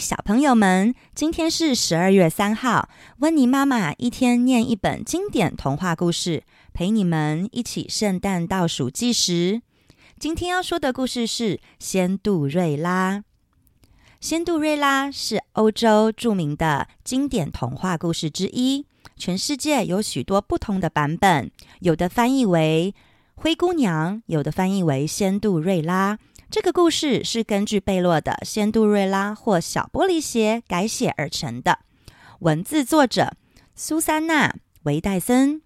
小朋友們，今天是十二月三號。溫妮媽媽一天念一本經典童話故事，陪你們一起聖誕倒數計時。今天要說的故事是《仙杜瑞拉》。《仙杜瑞拉》是歐洲著名的經典童話故事之一，全世界有許多不同的版本，有的翻譯為《灰姑娘》，有的翻譯為《仙杜瑞拉》。這個故事是根據貝洛的《仙杜瑞拉》或《小玻璃鞋》改寫而成的。文字作者蘇珊娜·戴維森，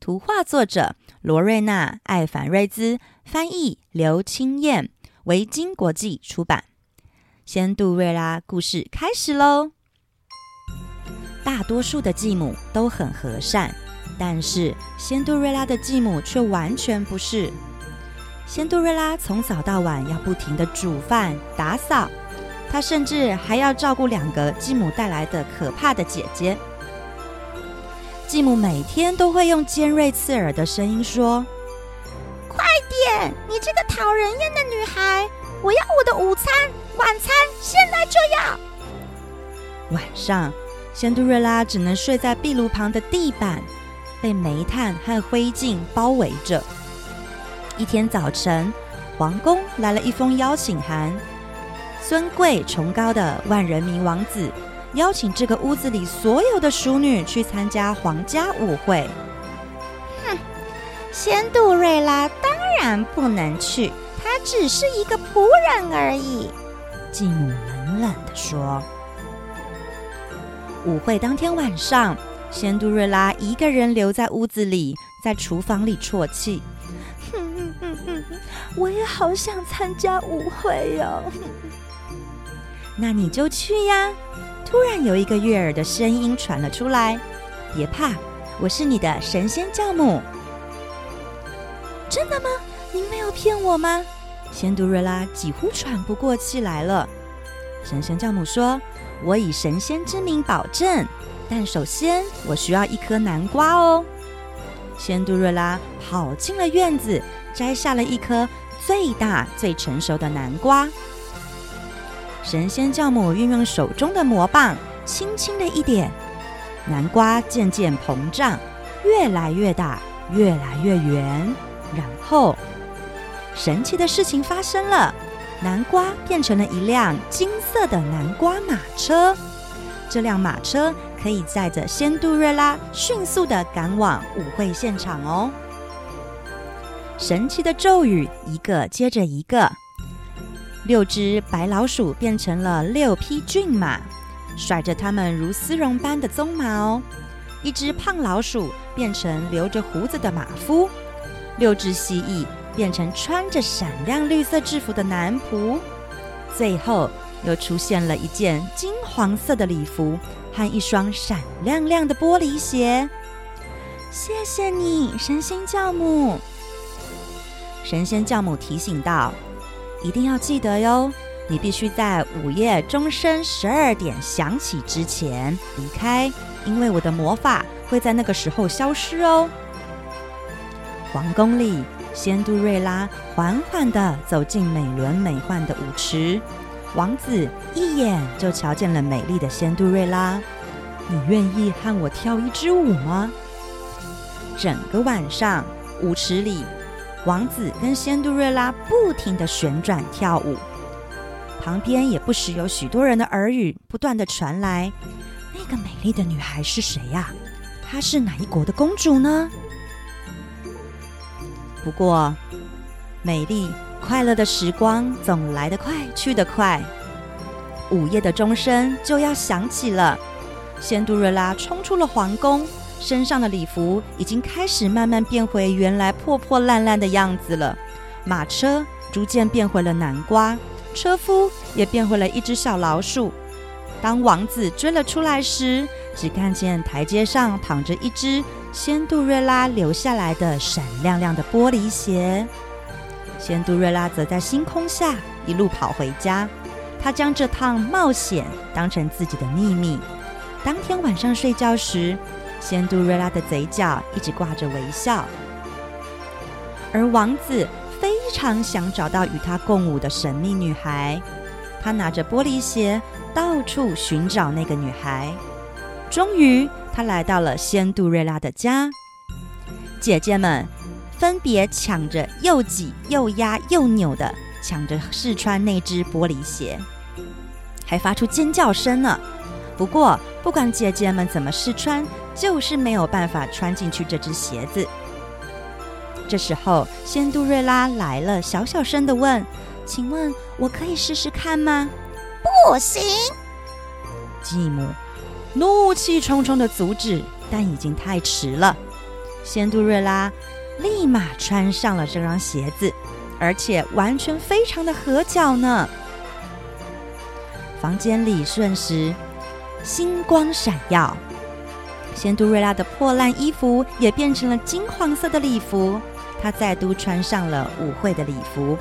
圖畫作者羅芮娜·艾凡瑞茲，翻譯劉清彥，維京國際出版。仙杜瑞拉故事開始嘍！大多數的繼母都很和善，但是仙杜瑞拉的繼母卻完全不是。仙杜瑞拉從早到晚要不停的煮飯打掃，她甚至還要照顧兩個繼母帶來的可怕的姐姐。繼母每天都會用尖銳刺耳的聲音說：“快點，你這個討人厭的女孩！我要我的午餐、晚餐，現在就要！”晚上，仙杜瑞拉只能睡在壁爐旁的地板，被煤炭和灰燼包圍着。一天早晨，皇宮來了一封邀請函。尊貴崇高的萬人迷王子邀請這個屋子裡所有的淑女去參加皇家舞會。哼，仙杜瑞拉當然不能去，她只是一個僕人而已，繼母冷冷地說。舞會當天晚上，仙杜瑞拉一個人留在屋子裡，在廚房裡啜泣。我也好想參加舞會喲、哦， 那你就去呀！突然有一個悅耳的聲音傳了出來：“別怕，我是你的神仙教母。”真的嗎？您沒有騙我嗎？仙杜瑞拉幾乎喘不過氣來了。神仙教母說：“我以神仙之名保證，但首先我需要一顆南瓜哦。”仙杜瑞拉跑進了院子，摘下了一顆最大最成熟的南瓜。神仙教母運用手中的魔棒，輕輕的一點，南瓜漸漸膨脹，越來越大，越來越圓。然後，神奇的事情發生了，南瓜變成了一輛金色的南瓜馬車。這輛馬車，可以載着仙杜瑞拉迅速的趕往舞會現場哦！神奇的咒語一個接着一個，六只白老鼠變成了六匹駿馬，甩着它們如絲絨般的鬃毛哦；一只胖老鼠變成留着鬍子的馬夫，六只蜥蜴變成穿着閃亮綠色制服的男僕，最後。又出現了一件金黃色的禮服和一雙閃亮亮的玻璃鞋。謝謝你，神仙教母。神仙教母提醒道：“一定要記得喲，你必須在午夜鐘聲十二點響起之前離開，因為我的魔法會在那個時候消失哦。”皇宮裡，仙杜瑞拉緩緩地走進美輪美奐的舞池。王子一眼就瞧見了美麗的仙杜瑞拉，你願意和我跳一支舞嗎？整個晚上，舞池裡，王子跟仙杜瑞拉不停的旋轉跳舞，旁邊也不時有許多人的耳語不斷的傳來。那個美麗的女孩是誰呀、啊？她是哪一國的公主呢？不過，美麗。快樂的時光總來得快，去得快。午夜的鐘聲就要響起了。仙杜瑞拉衝出了皇宮，身上的禮服已經開始慢慢變回原來破破爛爛的樣子了。馬車逐漸變回了南瓜，車夫也變回了一隻小老鼠。當王子追了出來時，只看見台階上躺着一隻仙杜瑞拉留下來的閃亮亮的玻璃鞋。仙杜瑞拉則在星空下一路跑回家，他將這趟冒險當成自己的祕密。當天晚上睡覺時，仙杜瑞拉的嘴角一直掛着微笑。而王子非常想找到與他共舞的神祕女孩，他拿着玻璃鞋到處尋找那個女孩。終於，他來到了仙杜瑞拉的家。姐姐們，分別搶着又擠又壓又扭的搶着試穿那只玻璃鞋，還發出尖叫聲呢。不過，不管姐姐們怎麼試穿，就是沒有辦法穿進去這只鞋子。這時候，仙杜瑞拉來了，小小聲的問：“請問，我可以試試看嗎？”“不行！”繼母怒氣冲冲的阻止，但已經太遲了。仙杜瑞拉。立馬穿上了這雙鞋子，而且完全非常的合腳呢。房間裡瞬時星光閃耀，仙杜瑞拉的破爛衣服也變成了金黃色的禮服。她再度穿上了舞會的禮服，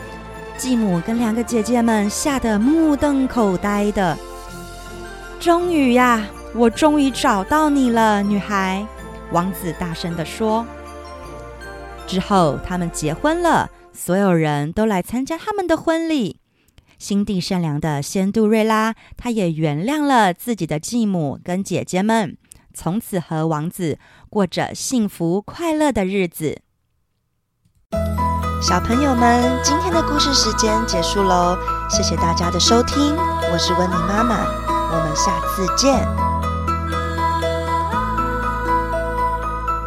繼母跟兩個姐姐們嚇得目瞪口呆的。終於呀、啊，我終於找到你了，女孩！王子大聲地說。之後，他們結婚了，所有人都來參加他們的婚禮。心地善良的仙杜瑞拉，她也原諒了自己的繼母跟姐姐們，從此和王子過着幸福快樂的日子。小朋友們，今天的故事時間結束嘍，謝謝大家的收聽，我是溫妮媽媽，我們下次見。